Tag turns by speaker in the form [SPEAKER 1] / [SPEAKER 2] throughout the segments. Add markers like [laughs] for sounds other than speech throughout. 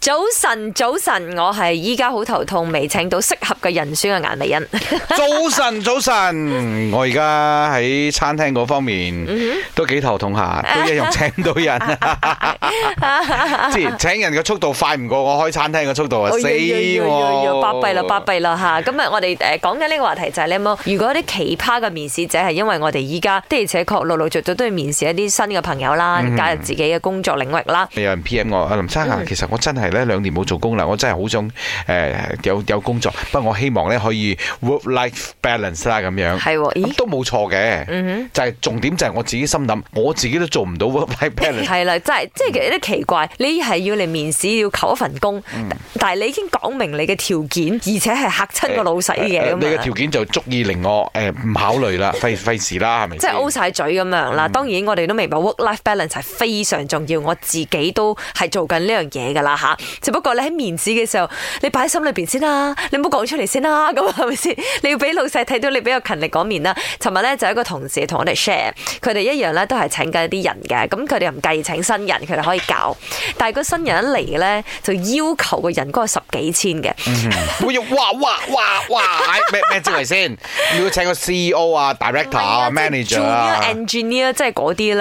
[SPEAKER 1] 早晨，早晨，我係依家好頭痛，未請到適合嘅人選嘅眼眉人。
[SPEAKER 2] 早晨，早晨，我而家喺餐廳嗰方面都幾頭痛下， [laughs] 都一樣請唔到人。
[SPEAKER 1] 即係 [laughs] [laughs]
[SPEAKER 2] 請人嘅速度快唔過我開餐廳嘅速度啊！死，八倍啦，八
[SPEAKER 1] 倍啦吓！咁啊，我哋誒講緊呢個話題就係、是、你有冇，如果啲奇葩嘅面試者係因為我哋依家的而且確陸陸續續都要面試一啲新嘅朋友啦，加入自己嘅工作領域啦、嗯。
[SPEAKER 2] 有人 P M 我，阿林生啊，其實我真係。呢兩年冇做工啦，我真係好想、呃、有有工作，不過我希望咧可以 work-life balance 啦咁樣，係喎，都冇錯嘅，就係、是、重點就係我自己心諗，我自己都做唔到 work-life balance。係
[SPEAKER 1] 啦、就是，即係即係有啲奇怪，你係要嚟面試要求一份工，嗯、但係你已經講明你嘅條件，而且係嚇親個老細嘅、呃呃呃呃呃、你嘅條
[SPEAKER 2] 件就足以令我誒唔、呃、考慮啦，費費事啦，係咪？
[SPEAKER 1] 即係 O 晒嘴咁樣啦。嗯、當然我哋都明白 work-life balance 係非常重要，我自己都係做緊呢樣嘢㗎啦嚇。只不過你喺面試嘅時候，你擺喺心裏邊先啦、啊，你唔好講出嚟先啦、啊，咁係咪先？你要俾老細睇到你比較勤力嗰面啦。尋日咧就有一個同事同我哋 share，佢哋一樣咧都係請緊啲人嘅，咁佢哋唔介意請新人，佢哋可以搞。但係個新人一嚟咧，就要求個人嗰十幾千嘅、嗯，我要哇哇
[SPEAKER 2] 哇哇！咩咩職嚟先？你、哎、 [laughs] 要請個 C E O 啊、Director 啊啊 Manager 啊、
[SPEAKER 1] Engineer 即係嗰啲咧，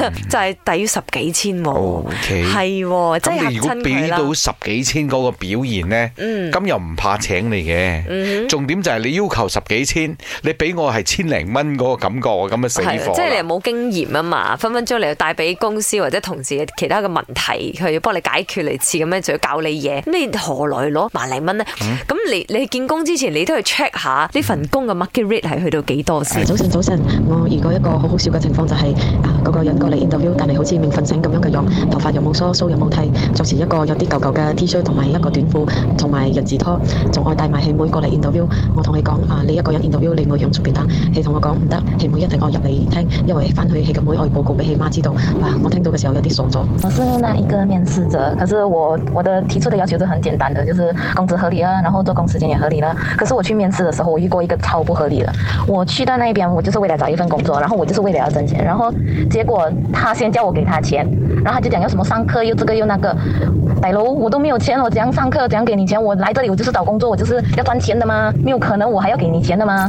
[SPEAKER 1] 嗯、就係抵十幾千喎、啊，係即係客到
[SPEAKER 2] 十幾千嗰個表現咧，咁又唔怕請你嘅。嗯、重點就係你要求十幾千，你俾我係千零蚊嗰個感覺，咁嘅死火。即係你又
[SPEAKER 1] 冇經驗啊嘛，分分鐘你帶俾公司或者同事其他嘅問題，佢要幫你解決嚟次咁樣，就要教你嘢，你何來攞萬零蚊呢？咁、嗯、你你去見工之前，你都去 check 下呢份工嘅 market rate 係去到幾多先？早晨早晨，我遇過一個好好笑嘅情況，就係、是、嗰個人過嚟 interview，但係好似未瞓醒咁樣嘅樣，頭髮又冇梳，鬚又冇剃，著住一個，有啲舊舊嘅 T 恤同埋一個短褲，同埋人字拖，仲愛帶埋汽妹過嚟 interview，我同佢講啊，你一個人 interview，你冇養出別人，佢同我講唔得，汽妹一定愛入嚟聽，因為翻去汽嘅妹可以報告俾汽媽知道。哇、啊，我聽到嘅時候有啲傻咗。我是那一個面試者，可是我我的提出的要求都很簡單的，就是工資合理啦，啊，然後做工時間也合理啦，啊。可是我去面試嘅時候，我遇過一個超不合理嘅。我去到那邊，我就是為了找一份工作，然後我就是為了要掙錢，然後結果他先叫我給他錢，然後他就講要什麼上課，又這個又那個。大佬，我都沒有錢，我怎樣上課？怎樣給你錢？我來這裏我就是找工作，我就是要賺錢的嗎？沒有可能，我
[SPEAKER 2] 還要給你錢的嗎？